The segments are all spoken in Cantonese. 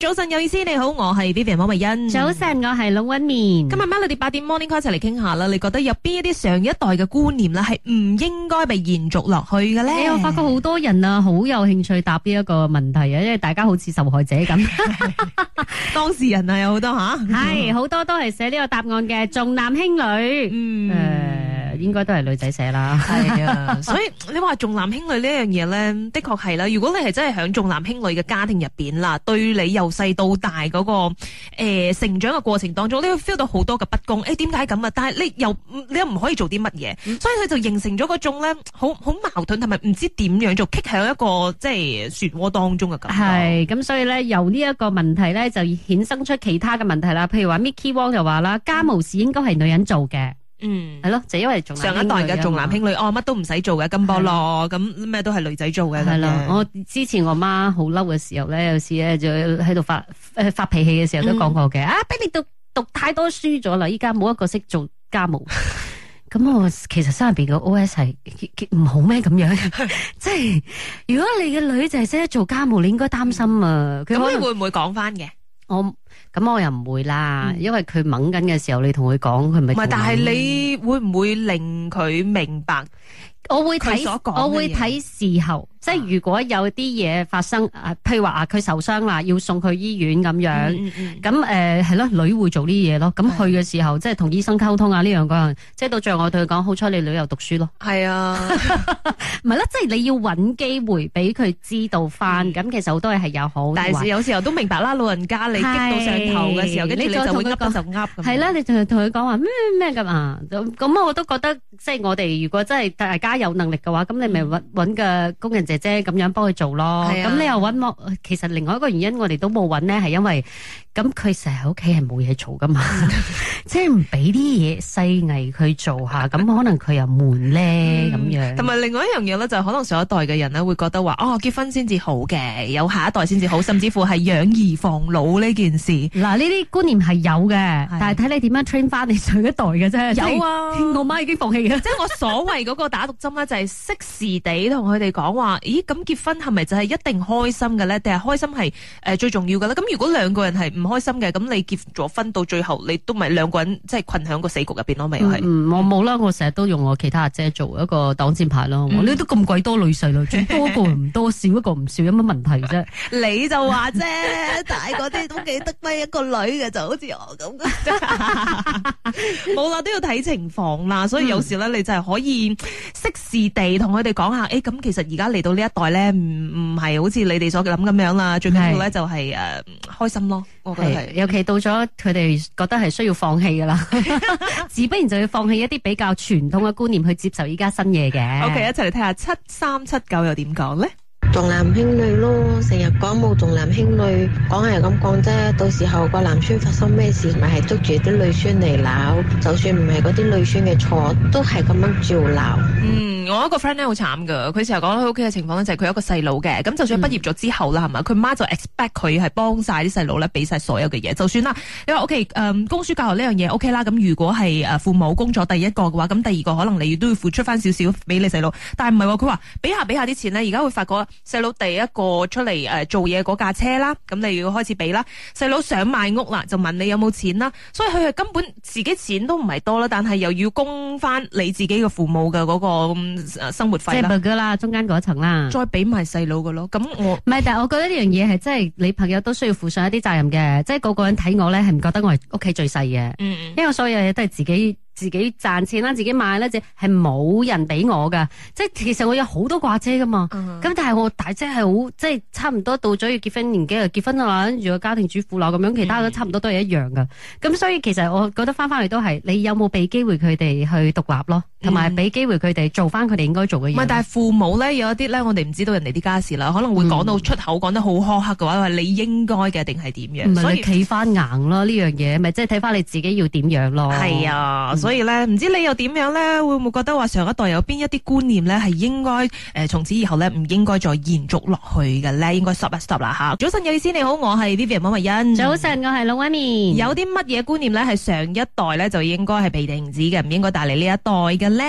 早晨，有意思，你好，我係 Vivian 馬慧欣。早晨，我係老溫面。今日 Melody 八點 Morning Call，一齊嚟傾下啦。你覺得有邊一啲上一代嘅觀念咧係唔應該被延續落去嘅咧？我發覺好多人啊，好有興趣答呢一個問題啊，因為大家好似受害者咁，當事人啊有好多吓，係好多都係寫呢個答案嘅重男輕女。嗯，誒，應該都係女仔寫啦。係啊，所以你話重男輕女呢樣嘢咧，的確係啦。如果你係真係響重男輕女嘅家庭入邊啦，對你有由細到大嗰、那個誒、呃、成長嘅過程當中，你會 feel 到好多嘅不公，誒，點解咁啊？但係你又你又唔可以做啲乜嘢，所以佢就形成咗嗰種咧，好好矛盾，同埋唔知點樣做，棘響一個即係漩渦當中嘅感覺。係咁，所以咧由呢一個問題咧就衍生出其他嘅問題啦。譬如話 Micky Wong 就話啦，家務事應該係女人做嘅。嗯，係咯，就因為上一代嘅重男輕女，哦，乜都唔使做嘅金菠蘿，咁咩都係女仔做嘅。係啦，我之前我媽好嬲嘅時候咧，有時咧就喺度發誒發脾氣嘅時候都講過嘅，啊，俾你讀讀太多書咗啦，依家冇一個識做家務。咁我其實心入邊嘅 OS 係唔好咩咁樣？即係如果你嘅女仔係識得做家務，你應該擔心啊。咁你會唔會講翻嘅？我。咁我又唔會啦、嗯，因為佢猛緊嘅時候，你同佢講，佢咪唔係？但係你會唔會令佢明白？我會睇，我會睇時候。即係如果有啲嘢發生啊，譬如話啊，佢受傷啦，要送去醫院咁樣，咁誒係咯，女會做啲嘢咯。咁去嘅時候，即係同醫生溝通啊，呢樣嗰樣，即係到最後我對佢講，好彩你旅遊讀書咯。係啊，唔係啦，即係你要搵機會俾佢知道翻。咁其實好多嘢係有好，但是有時候都明白啦，老人家你激到上頭嘅時候，你就會噏就噏咁。係啦，你就同佢講話咩咩㗎嘛？咁、嗯啊、我都覺得，即係我哋如果真係大家有能力嘅話，咁你咪揾個工人。姐姐咁樣幫佢做咯，咁、啊、你又揾我？其實另外一個原因我，我哋都冇揾咧，係因為。咁佢成日喺屋企係冇嘢做噶嘛，即係唔俾啲嘢世藝佢做下，咁 可能佢又悶咧咁、嗯、樣。同埋另外一樣嘢咧，就係、可能上一代嘅人咧會覺得話哦結婚先至好嘅，有下一代先至好，甚至乎係養兒防老呢件事。嗱呢啲觀念係有嘅，但係睇你點樣 train 翻你上一代嘅啫。有啊，我媽，媽已經放棄嘅。即 係我所謂嗰個打毒針咧，就係適時地同佢哋講話，咦咁結婚係咪就係一定開心嘅咧？定係開心係、呃、最重要嘅咧？咁如果兩個人係唔開心嘅咁，你結咗婚到最後，你都咪兩個人即係困喺個死局入邊咯，咪又係我冇啦。我成日都用我其他阿姐做一個擋箭牌咯。嗯、我你都咁鬼多女婿女，最多一個唔多， 少一個唔少，有乜問題啫？ 你就話啫， 但係啲都幾得乜一個女嘅，就好似我咁冇啦， 都要睇情況啦。所以有時咧，你就係可以適時地同佢哋講下誒，咁、嗯哎、其實而家嚟到呢一代咧，唔唔係好似你哋所諗咁樣啦。最重要咧就係、是、誒、啊、開心咯。係係，尤其到咗佢哋覺得係需要放棄噶啦， 自不然就要放棄一啲比較傳統嘅觀念，去接受依家新嘢嘅。OK，一齊嚟睇下七三七九又點講咧？重男輕女咯，成日講冇重男輕女，講係咁講啫。到時候個男孫發生咩事，咪係捉住啲女孫嚟鬧。就算唔係嗰啲女孫嘅錯，都係咁樣照鬧。嗯，我一個 friend 咧好慘噶，佢成日講佢屋企嘅情況咧就係佢有一個細佬嘅。咁就算畢業咗之後啦，係、嗯、嘛？佢媽就 expect 佢係幫晒啲細佬咧，俾晒所有嘅嘢。就算啦，因為 O K，誒公書教學呢樣嘢 O K 啦。咁如果係誒父母工作，第一個嘅話，咁第二個可能你都要付出翻少少俾你細佬。但係唔係喎？佢話俾下俾下啲錢咧，而家會發覺。細佬第一個出嚟誒做嘢嗰架車啦，咁你要開始俾啦。細佬想買屋啦，就問你有冇錢啦。所以佢係根本自己錢都唔係多啦，但係又要供翻你自己嘅父母嘅嗰個生活費啦。即係嗰啦，中間嗰層啦，再俾埋細佬㗎咯。咁我唔係，但係我覺得呢樣嘢係真係你朋友都需要負上一啲責任嘅。即係個個人睇我咧，係唔覺得我係屋企最細嘅。嗯嗯，因為所有嘢都係自己。自己賺錢啦，自己買啦，即係冇人俾我噶。即係其實我有好多掛車噶嘛，咁、mm -hmm. 但係我大姐係好，即係差唔多到咗要結婚年紀啊，結婚啦，如果家庭主婦啦咁樣，其他都差唔多都係一樣噶。咁、mm -hmm. 所以其實我覺得翻返嚟都係，你有冇俾機會佢哋去獨立咯？同埋俾機會佢哋、嗯、做翻佢哋應該做嘅嘢。唔係，但係父母咧有一啲咧，我哋唔知道人哋啲家事啦，可能會講到、嗯、出口講得好苛刻嘅話，係你應該嘅定係點樣？所以企翻硬咯呢樣嘢，咪即係睇翻你自己要點樣咯。係啊、嗯，所以咧，唔知你又點樣咧？會唔會覺得話上一代有邊一啲觀念咧係應該誒、呃、從此以後咧唔應該再延續落去嘅咧？應該 stop 啦 s 早晨有意思你好，我係 Vivian 馬文欣。早晨，我係老媽咪。有啲乜嘢觀念咧係上一代咧就應該係被停止嘅，唔應該帶嚟呢一代嘅。咧，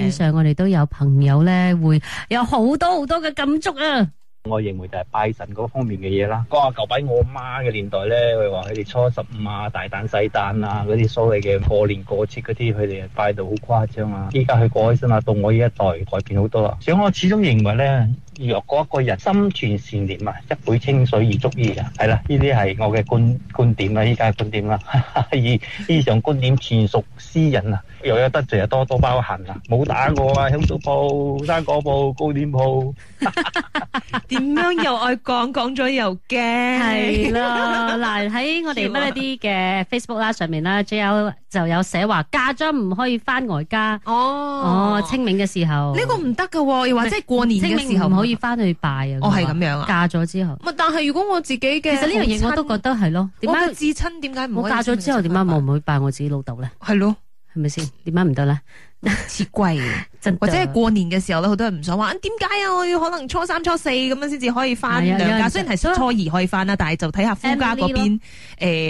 線上我哋都有朋友咧，會有好多好多嘅感觸啊！我認為就係拜神嗰方面嘅嘢啦。講下舊擺我媽嘅年代咧，佢話佢哋初十五啊、大旦細旦啊，嗰啲所謂嘅過年過節嗰啲，佢哋拜到好誇張啊。依家佢過起身啊，到我呢一代改變好多啦。所以我始終認為咧，若果一個人心存善念啊，一杯清水已足矣，啊。係啦，啊，呢啲係我嘅觀觀點啦，啊，依家觀點啦，啊。以 以上觀點全屬私人啊，若有得罪啊，多多包涵啊。冇打我啊，香燭鋪、生果鋪、糕點鋪。 點 樣又愛講，講咗又驚，係 啦。嗱喺我哋乜一啲嘅 Facebook 啦上面啦，仲有就有寫話嫁咗唔可以翻外家。哦哦，清明嘅時候呢，這個唔得噶，又話即係過年嘅時候唔可以翻去拜啊。哦，係咁樣啊。嫁咗之後，咪但係如果我自己嘅，其實呢樣嘢我都覺得係咯。我嘅至親點解唔？我，我嫁咗之後點解我唔會拜我自己老豆咧？係咯，係咪先？點解唔得咧？似貴， 或者係過年嘅時候咧，好多人唔想話，點解啊？我要可能初三、初四咁樣先至可以翻娘家。雖然係初二可以翻啦，但係就睇下夫家嗰邊，誒、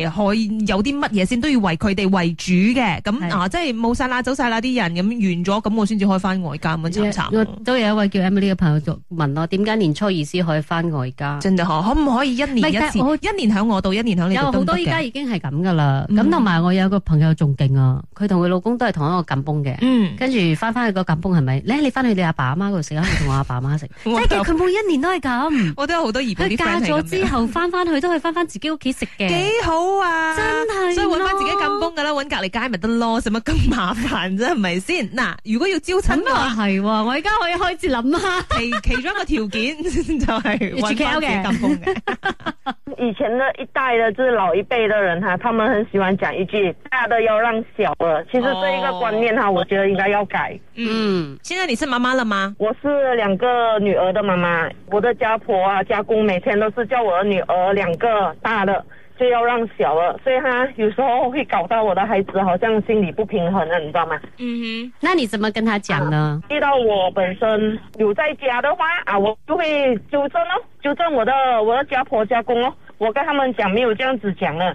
呃，可以有啲乜嘢先，都要為佢哋為主嘅。咁啊，即係冇晒啦，走晒啦啲人，咁完咗，咁我先至可以翻外家咁慘慘。都有一位叫 Emily 嘅朋友問我，點解年初二先可以翻外家？真係可唔可，可以一年一次？我一年響我度，一年響你度。有好多依家已經係咁噶啦。咁同埋我有一個朋友仲勁啊，佢同佢老公都係同一個緊繃嘅。嗯嗯、跟住翻翻去個禁豐係咪咧？你翻去你阿爸阿媽嗰度食啊，同我阿爸阿媽食。即係佢每一年都係咁。 我都有好多疑佢嫁咗之後翻翻去 都係翻翻自己屋企食嘅。幾好啊！真係。所以揾翻自己禁豐噶啦，揾隔籬街咪得咯，使乜咁麻煩啫？係咪先？嗱，如果要招親啊，係，我而家可以開始諗啦。 其其中一個條件就係揾翻自己禁豐嘅。 以前呢，一代即就是，老一輩的人吓，他們很喜歡講一句，大嘅要讓小嘅。其實這一個觀念哈，哦，我覺得。應該要改。嗯，現在你是媽媽了嗎？我是兩個女兒的媽媽。我的家婆啊、家公每天都是叫我的女兒兩個大的就要讓小的，所以她有時候會搞到我的孩子好像心理不平衡了，你知道嗎？嗯哼，那你怎麼跟他講呢？遇、啊、到我本身有在家的話啊，我就會糾正哦，糾正我的我的家婆家公哦，我跟他們講沒有這樣子講的。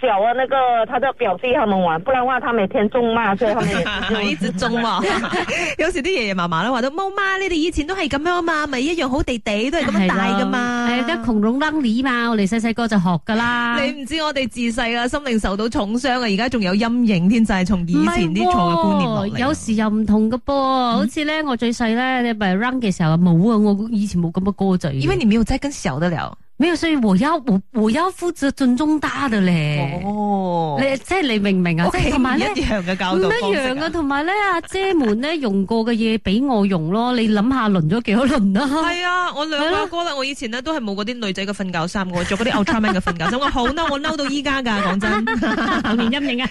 叫啊，那個他的表弟他們玩，不然話他每天中罵，所以他們就 一直中啊。 有時啲爺爺嫲嫲咧話都，爺爺媽媽都，媽媽媽，你哋以前都係咁樣啊嘛，咪一樣好地地，都係咁大噶嘛。誒，得窮勇 r u 嘛，我哋細細個就學噶啦。你唔知我哋自細啊，心靈受到重傷啊，而家仲有陰影添，就係從以前啲錯嘅觀念，啊、有時又唔同嘅噃，嗯，好似咧我最細咧，你咪 run 嘅時候冇啊，我以前冇咁乜歌仔。 因為你冇真係跟時候得聊。咩？所以和優和和優夫子盡忠打的咧。哦，你即係你明唔明啊？同埋咧，唔一樣嘅教導方式。唔一樣啊！同埋咧啊，阿姐們咧用過嘅嘢俾我用咯。你諗下輪咗幾多輪啦？係啊，我兩啊個啦。我以前咧都係冇嗰啲女仔嘅瞓覺衫，我着嗰啲 Ultraman 嘅瞓覺衫。我好嬲，我嬲到依家噶。講真，童年陰影啊！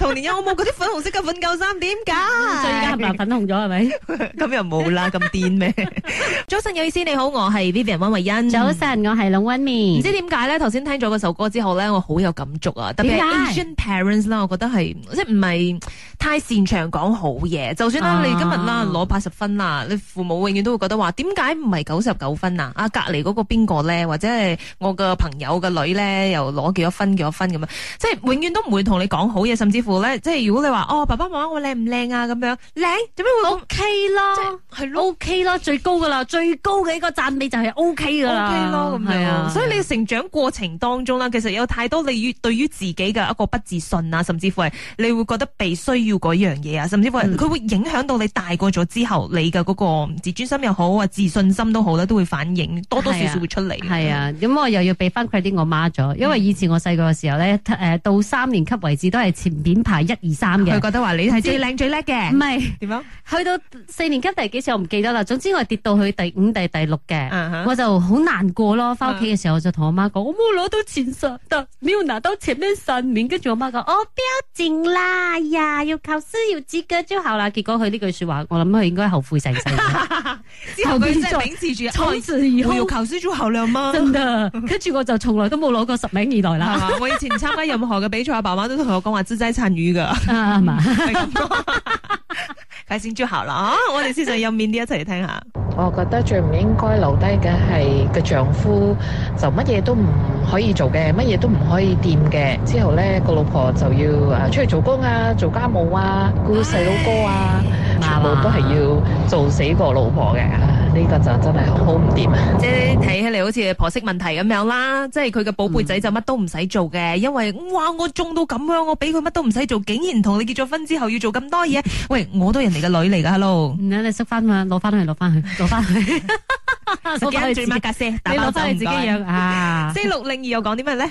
童年陰影，我冇嗰啲粉紅色嘅瞓覺衫，點解？所以依家係藍粉紅咗係咪？咁又冇啦，咁癲咩？早晨，有意思。你好，我係 Vivian 温慧欣。早晨，我係。唔知點解咧？頭先聽咗嗰首歌之後咧，我好有感觸啊！特別係 Asian parents 啦，我覺得係即係唔係太擅長講好嘢。就算啦，你今日啦攞八十分啦，啊，你父母永遠都會覺得話，點解唔係九十九分啊？啊，隔籬嗰個邊個咧，或者係我個朋友個女咧，又攞幾多分幾多分咁樣，即係永遠都唔會同你講好嘢。甚至乎咧，即係如果你話哦，爸爸媽媽我靚唔靚啊？咁樣靚，點解會 O K 啦？係 O K 咯，最高噶啦，最高嘅一個讚美就係 O K 噶啦。O K 咯，咁樣。嗯、所以你成長過程當中啦，其實有太多你對於自己嘅一個不自信啊，甚至乎係你會覺得被需要嗰樣嘢啊，甚至乎佢會影響到你大個咗之後你嘅嗰個自尊心又好啊，自信心都好啦，都會反映多多少少會出嚟。係啊，咁、啊嗯嗯、我又要俾返佢啲我媽咗，因為以前我細個嘅時候咧，誒、嗯、到三年級為止都係前面排一二三嘅，佢覺得話你係最靚最叻嘅。唔係？點樣？去到四年級第幾次我唔記得啦，總之我跌到去第五、第第六嘅，uh -huh. 我就好難過咯，嘅時候，我就同我媽講，我冇攞到前十，但沒有拿到前面三名。跟住我媽講，哦，唔緊要啦，呀，要考試要資格就好啦。結果佢呢句說話，我諗佢應該後悔成世。 之後佢真係秉持住才子，要、啊、考試做後兩嗎？真的。跟住我就從來都冇攞過十名以內啦、 啊。我以前參加任何嘅比賽，阿爸媽都同我講話，志在參與噶。咁媽媽， 開先就好啦、啊！我哋先上入面啲一齊嚟聽下。我覺得最唔應該留低嘅係個丈夫就乜嘢都唔可以做嘅，乜嘢都唔可以掂嘅。之後呢個老婆就要出去做工啊，做家務啊，顧細佬哥啊，全部都係要做死個老婆嘅。呢、這個就真係好唔掂啊！即係睇起嚟好似婆媳問題咁樣啦，即係佢嘅寶貝仔就乜都唔使做嘅，因為哇我中到咁樣，我俾佢乜都唔使做，竟然同你結咗婚之後要做咁多嘢。 喂，我都係人哋嘅女嚟噶，hello。你識翻嘛？攞翻去，攞翻去，攞翻去，攞 翻去自己架先。你攞翻去自己樣啊！四六零二又講啲咩咧？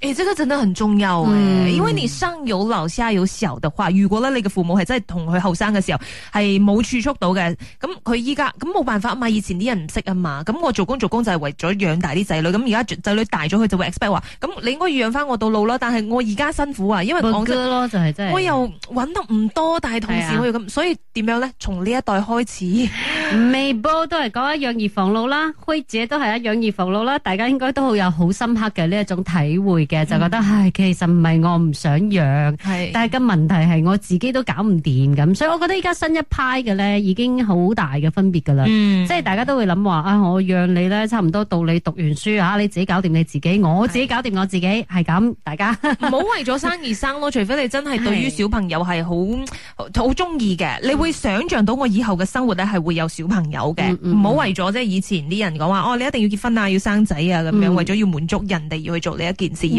誒，這個真的很重要、嗯、因為你上有老下有小的話，如果咧你嘅父母係真係同佢後生嘅時候係冇儲蓄到嘅，咁佢依家咁冇辦法啊嘛，以前啲人唔識啊嘛，咁我做工做工就係為咗養大啲仔女，咁而家仔女大咗，佢就會 expect 話，咁你應該要養翻我到老啦，但係我而家辛苦啊，因為講咯，就係真係我又揾得唔多，但係同時我又咁，所以點樣咧？從呢一代開始，未 必都係講養兒防老啦，開姐都係一養兒防老啦，大家應該都好有好深刻嘅呢一種體會。.嘅、嗯、就覺得唉，其實唔係我唔想養係，但係個問題係我自己都搞唔掂咁，所以我覺得依家新一派嘅咧已經好大嘅分別噶啦，即係大家都會諗話啊，我讓你咧差唔多到你讀完書啊，你自己搞掂你自己，我自己搞掂我自己係咁，大家唔好為咗生而生咯，除非你真係對於小朋友係好好中意嘅，你會想象到我以後嘅生活咧係會有小朋友嘅，唔、嗯、好為咗係、即係、以前啲人講話哦，你一定要結婚啊，要生仔啊咁樣，嗯、為咗要滿足人哋要去做呢一件事。有啊，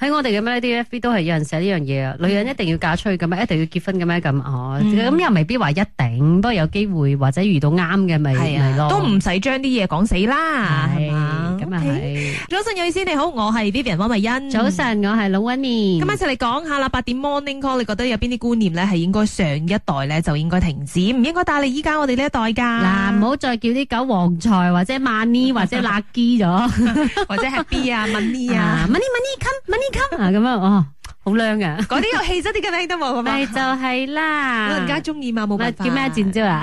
喺我哋咁咧，啲 F 都係有人寫呢樣嘢啊，女人一定要嫁出去嘅咩，一定要結婚嘅咩咁哦，咁、嗯、又未必話一定，不過有機會或者遇到啱嘅咪係咯，都唔使將啲嘢講死啦，係嘛。係、okay. 早晨，有意思你好，我係 Vivian 汪慧欣。早晨，我係老 Winnie。今晚一齊嚟講下啦，八點 Morning Call，你覺得你有邊啲觀念咧係應該上一代咧就應該停止，唔應該帶你依家我哋呢一代噶，嗱，唔好再叫啲狗旺財或者 Money，或者辣基咗，或者係 B happy 啊 money 啊、uh, money money come money come 啊 咁樣哦。好靚啊，嗰 啲有氣質啲嘅樣都冇係嘛？就係啦，老人家中意嘛，冇乜辦法。叫咩戰爭啊。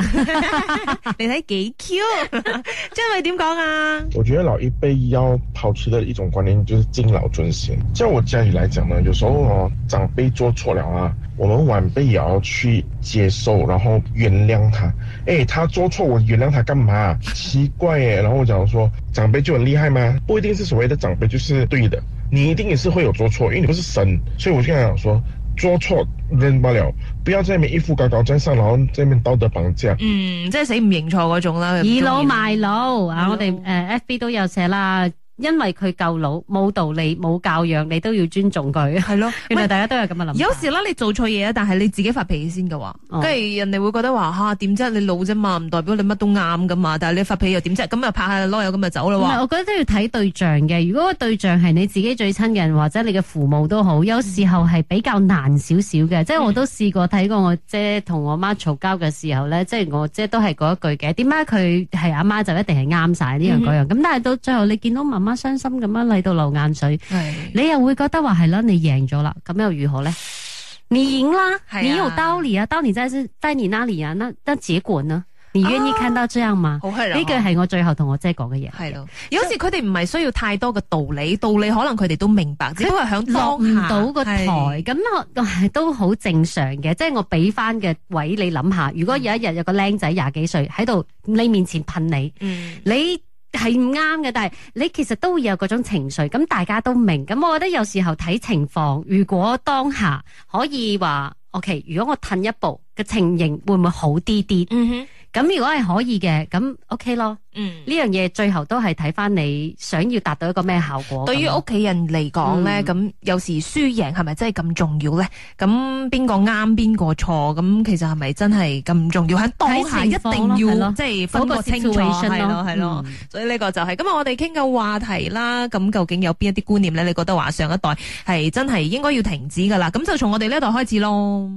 啊 你睇幾 Q？張偉點講啊？我覺得老一輩要拋棄的一種觀念就是敬老尊賢。在我家裏嚟講呢，有時候長輩做錯了啊，我們晚輩也要去接受，然後原諒他。誒、欸，他做錯，我原諒他幹嘛？奇怪誒、欸。然後我講說，長輩就很厲害嗎？不一定是所謂的長輩就是對的。你一定也是會有做錯，因為你不是神，所以我就想講說，做錯認不了，不要在那邊一副高高在上，然後在那邊道德綁架，嗯，即係死唔認錯嗰種啦，倚老賣老，老啊！我哋誒 FB 都有寫啦。因為佢夠老，冇道理，冇教養，你都要尊重佢。係咯， 原來大家都有咁嘅諗法。有時咧，你做錯嘢，但係你自己發脾氣先嘅，跟、哦、住人哋會覺得話嚇點啫？你老啫嘛，唔代表你乜都啱嘅嘛。但係你發脾氣又點啫？咁啊拍下攞又咁啊走啦。唔係，我覺得都要睇對象嘅。如果個對象係你自己最親人，或者你嘅父母都好，有時候係比較難少少嘅。即、嗯、係、就是、我都試過睇過我姐同我媽嘈交嘅時候呢，即係我姐都係嗰一句嘅。點解佢係阿媽就一定係啱晒呢樣嗰樣？咁、嗯、但係到最後你見到媽媽，傷心咁樣嚟到流眼水，你又會覺得話係啦，你贏咗啦，咁又如何咧？你贏啦，你要當年啊，當年真係當年哪裏啊？那但結管呢？你願、啊、意看到這樣嗎？呢句係我最後同我仔講嘅嘢。係咯，有時佢哋唔係需要太多嘅道理，道理可能佢哋都明白，只不過響落唔到個台，咁我，我都好正常嘅。即、就、係、是、我俾翻嘅位，你諗下，如果有一日有個僆仔廿幾歲喺度你面前噴你，你、嗯。係唔啱嘅，但係你其實都會有嗰種情緒，咁大家都明。咁我覺得有時候睇情況，如果當下可以話，OK，如果我褪一步嘅情形，會唔會好啲啲？嗯哼。咁如果係可以嘅，咁 OK 咯。嗯，呢樣嘢最後都係睇翻你想要達到一個咩效果。對於屋企人嚟講咧，咁、嗯、有時輸贏係咪真係咁重要咧？咁邊個啱，邊個錯？咁其實係咪真係咁重要？喺當時一定要即係、就是、分個清楚，係咯係咯。所以呢個就係、是、咁我哋傾嘅話題啦。咁究竟有邊一啲觀念咧？你覺得話上一代係真係應該要停止噶啦？咁就從我哋呢度開始咯。